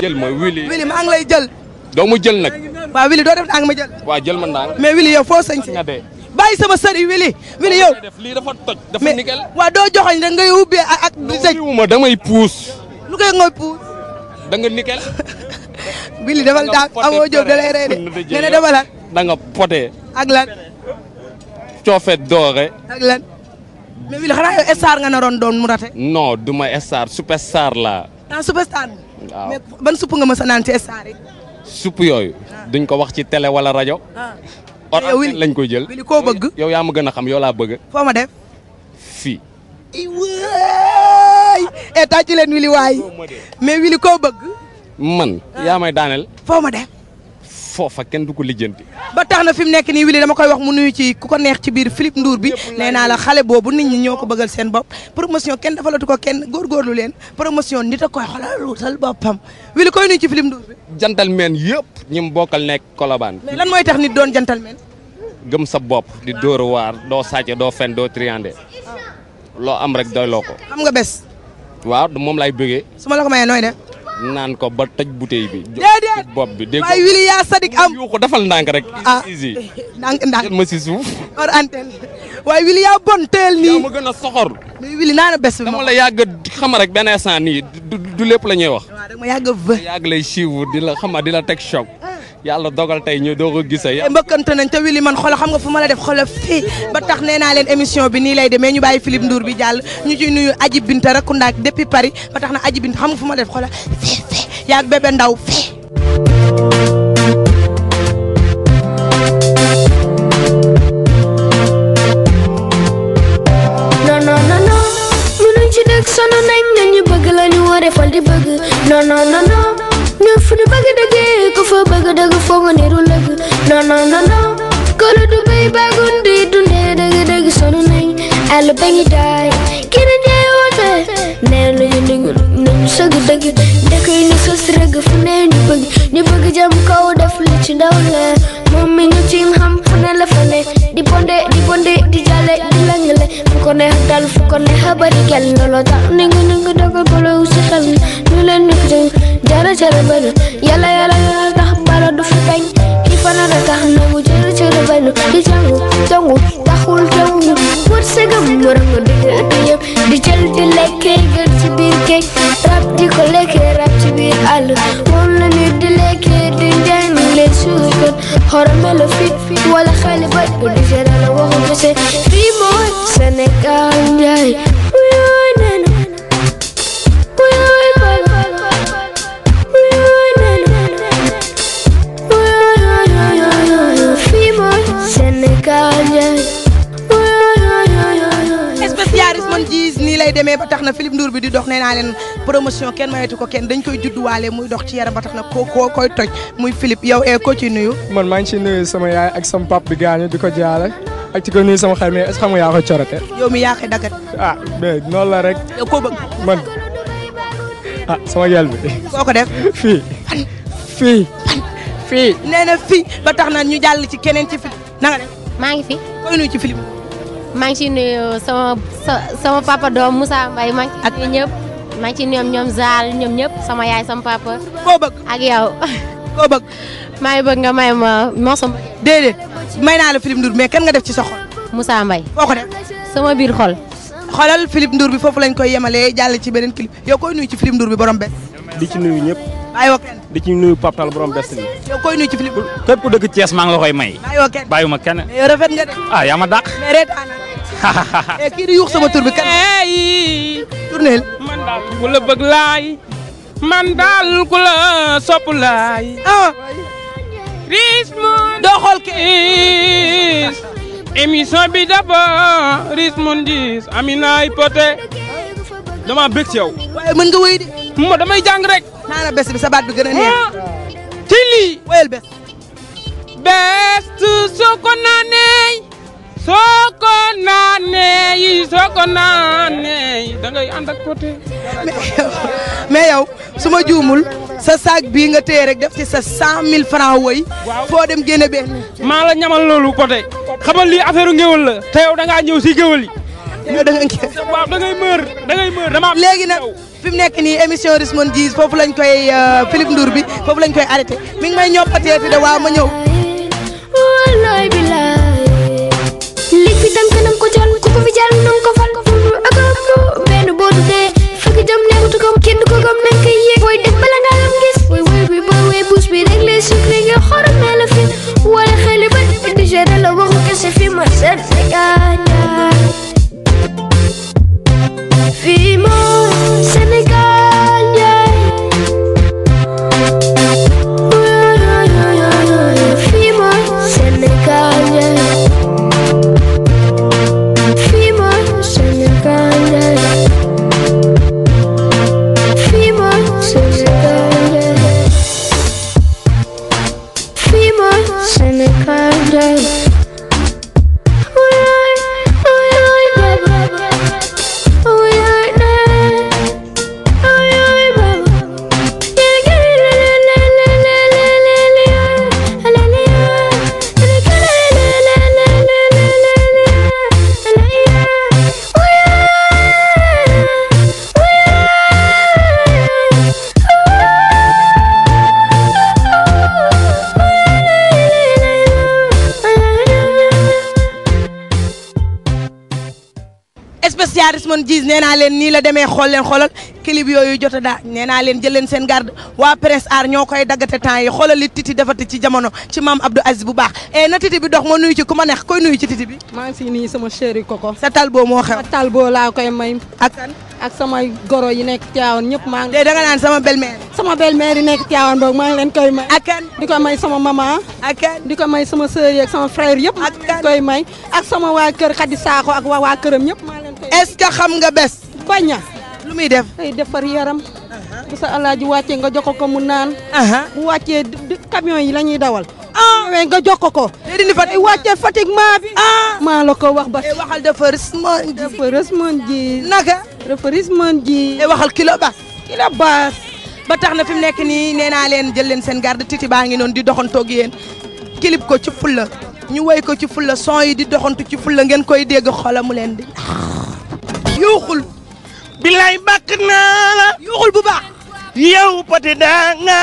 jël mooy Wily. Wily maa ngi jël. doo mu jël nag. waaw Wily doo def ndànk ma jël. waaw jël ma ndànk. mais Wily yow foo sañ si. bàyyi sama sër yi Wily. Wily yow lii dafa toj dafa nickel. waaw doo joxoñ rek ngay ubbee ak ak. di tëj ma damay da defal daal amoo jóg da lay rey de nee na dafa lan. da nga poté. ak lan. coofet doore. ak xanaa yow star nga naroon doon mu rate. non du ma star superstar laa. ah suba star ban supp nga mës a naan ci star yi. yooyu. Ah. duñ ko wax ci tele wala rajo. ah eh, lañ ko jël. wili koo bëgg. yow yaa ma gën a xam yow laa bëgg. foo ma def. fii. waay eh tàcc leen wili waay mais wili koo bëgg. man ah. yaa may daaneel. foo ma def. foofa kenn du ko lijjanti. ba tax na fi mu nekk nii Willy dama koy wax mu nuyu ci ku ko neex ci biir Philippe Ndour bi nee naa la xale boobu nit ñoo ko bëggal seen bopp promotion kenn defalatu ko kenn góorgóorlu leen promotion nit a koy xoolalutal boppam Willy koy nuyu ci Philippe Ndour bi. gentleman yëpp ñi mu bokkal nekk Colobane. mais lan mooy tax nit doon gentleman. gëm sa bopp di dóor waar doo sàcce doo fen doo triandé ah. loo am rek doyloo ko. xam nga bés. waaw moom lay bëggee. su ma la ko mayee nooy naan ko ba tëj bouteille bi. déedéet bopp bi dégg waaye wili yaa sadik am yu ko dafal ndànk rek. ah ndànk ndànk ma si suuf. hors antenne waaye wili yaa bon teel nii. yaa ma gën a soxor. wili naa na ma. dama la yàgg xama rek benn instant nii du lépp la ñuy wax. ma dama yàgg a yàgg di la xama di la teg choc. yàlla dogal tey ñu doo a gisee. mbëkkante nañ te wili man xolo xam nga fu ma la def xolo fii ba tax nee naa leen émission bi ni lay demee ñu bàyyi Philippe Ndour bi jàll ñu ciy nuyu Aji Binta Rakunda depuis Paris ba tax na Aji Binta xam nga fu ma def xolo fii fii yaag bébé ndaw fii. non non non munuñ ci dëkk sonn nañ bëgg la ñu war di bëgg non non dëgg foog nit du lëgg non non du béy baagun di dundee dëgg dëgg sonn nañ àll ba ngi daay kii na jaay woote nee nañu dëgg nañu sëgg dëgg dëkk yi ñu rëgg fu ne ñu bëgg ñu bëgg jëm kaw def ci ndaw la moom mi ñu ci xam fu ne la fa di bonde di bonde di jàlle di fu ko dal fu ko neex bari gel tax ni nga ni nga dogal bolo si xel ñu leen ñu ko jëng jara jara bëri yàlla yàlla melo fit fit wala xale bët bu di feeral waxu kese fii mooy Sénégal njaay lay demee ba tax na Philippe Ndour bi di dox nee naa leen promotion kenn mayetu ko kenn dañ koy judduwaale muy dox ci yaram ba tax na ko koo koy toj muy Philippe yow e eh, ko ci nuyu man maa ngi ci nuyu sama yaay ak sama pap bi gaañu di ko jaale ak ci ko nuyu sama xel mais est-ce que xam nga yaa ko corote yow mi yaa ko ah mais noonu la rek yow koo bëgg man ah sama gel bi koo ko def fii fii fii nee na na ñu jàll ci keneen ci Philippe na nga def maa ngi fi koy nuyu ci Philippe maa ngi ciy nuyu sama sama papa doom Moussa Mbaye maa ngi ciy nuyu ñëpp. maa ngi ciy nuyu ñoom Zal ñoom ñëpp sama yaay sama papa. koo bëgg ak yow. koo bëgg. maa ngi bëgg nga may ma moo sama. déedéet may naa la Philippe Ndour mais kan nga def ci sa xol. Moussa Mbaye. foo ko def sama biir xol. xoolal Philippe Ndour bi foofu lañ koy yemalee jàll ci beneen clip yow koy nuyu ci Philippe Ndour bi borom bés. di ci nuyu ñëpp. bàyyiwoo kenn di ci nuyu Pape Tall borom bés bi. yow koy nuyu ci Philippe. képp ku dëkk Thiès maa ngi la koy may. bàyyiwoo kenn bàyyiwuma kenn. mais yow rafet nga de. ah yaa ma dàq. mais reet ana. eh kii di yuux sama tur bi kan. tourneel. man daal ku la bëgg laay. man daal ku la sopp laay. ah. rythme. kiis. émission bi dafa rythme ndiis Amina Poté. dama bëgg ci yow. waaye mën nga wéy de. mo damay jàng rek. naa la bés bi sa bi gën a neex. Ah. ci lii. wéyal bés. bés su ko soo ko naanee yi soo ko naanee yi da ngay ànd ak côté. mais yow su ma juumul sa saag bii nga téye rek def ci sa 100000 francs woy foo dem génne benn. maa la ñamal loolu côté xamal lii affaire ngéwël la te yow da ngaa ñëw si géwël yi. da ngay waaw da ngay mër da ngay mër dama léegi nag fi mu nekk nii émission Rich Mon Djizz foofu lañ koy euh, Philippe Ndour bi foofu lañ koy arrêté mi ngi may ñoppatee de waaw ma ñëw. jël nanga ko Richmond Djizz nee naa leen nii la demee leen xoolal clip yooyu jot a leen jël leen seen garde waa presse aar ñoo koy daggate temps yi xoolal li titi defati ci jamono ci maam Abdou Aziz bu baax e na titi dox ma nuyu ci ku ma neex koy nuyu ci titi bi. maa ngi siy nuyu sama chéri koko. sa talbo moo xew. sa talbo laa koy may. ak ak goro yi nekk Thiawane ñëpp maa ngi. naan sama belle sama belle yi nekk Thiawane boog maa ngi leen koy may. ak sama maman. ak sama sœur est-ce que xam nga bes baña lu muy def. ay defar yaram. bu sa alaaji wàccee nga jox ko mu naan. bu wàccee camion yi la ñuy dawal. ah mais nga jox ko. léegi ni Fatick wàccee Fatick maa bi. a ah. maa la ko wax ba. waxal refroidissement ji. refroidissement ji. naka. refroidissement ji. waxal kilo bas. kilo bas. ba tax na fi mu nekk nii nee naa leen jël leen seen garde titi baa ngi noonu di doxantoog yéen. kilip ko ci fulla ñu way ko ci fulla son yi di doxantu ci fulla ngeen koy dégg xola mu leen di. yuuxul. bilaay bàkk naa la. yuuxul bu baax. yow daa nga.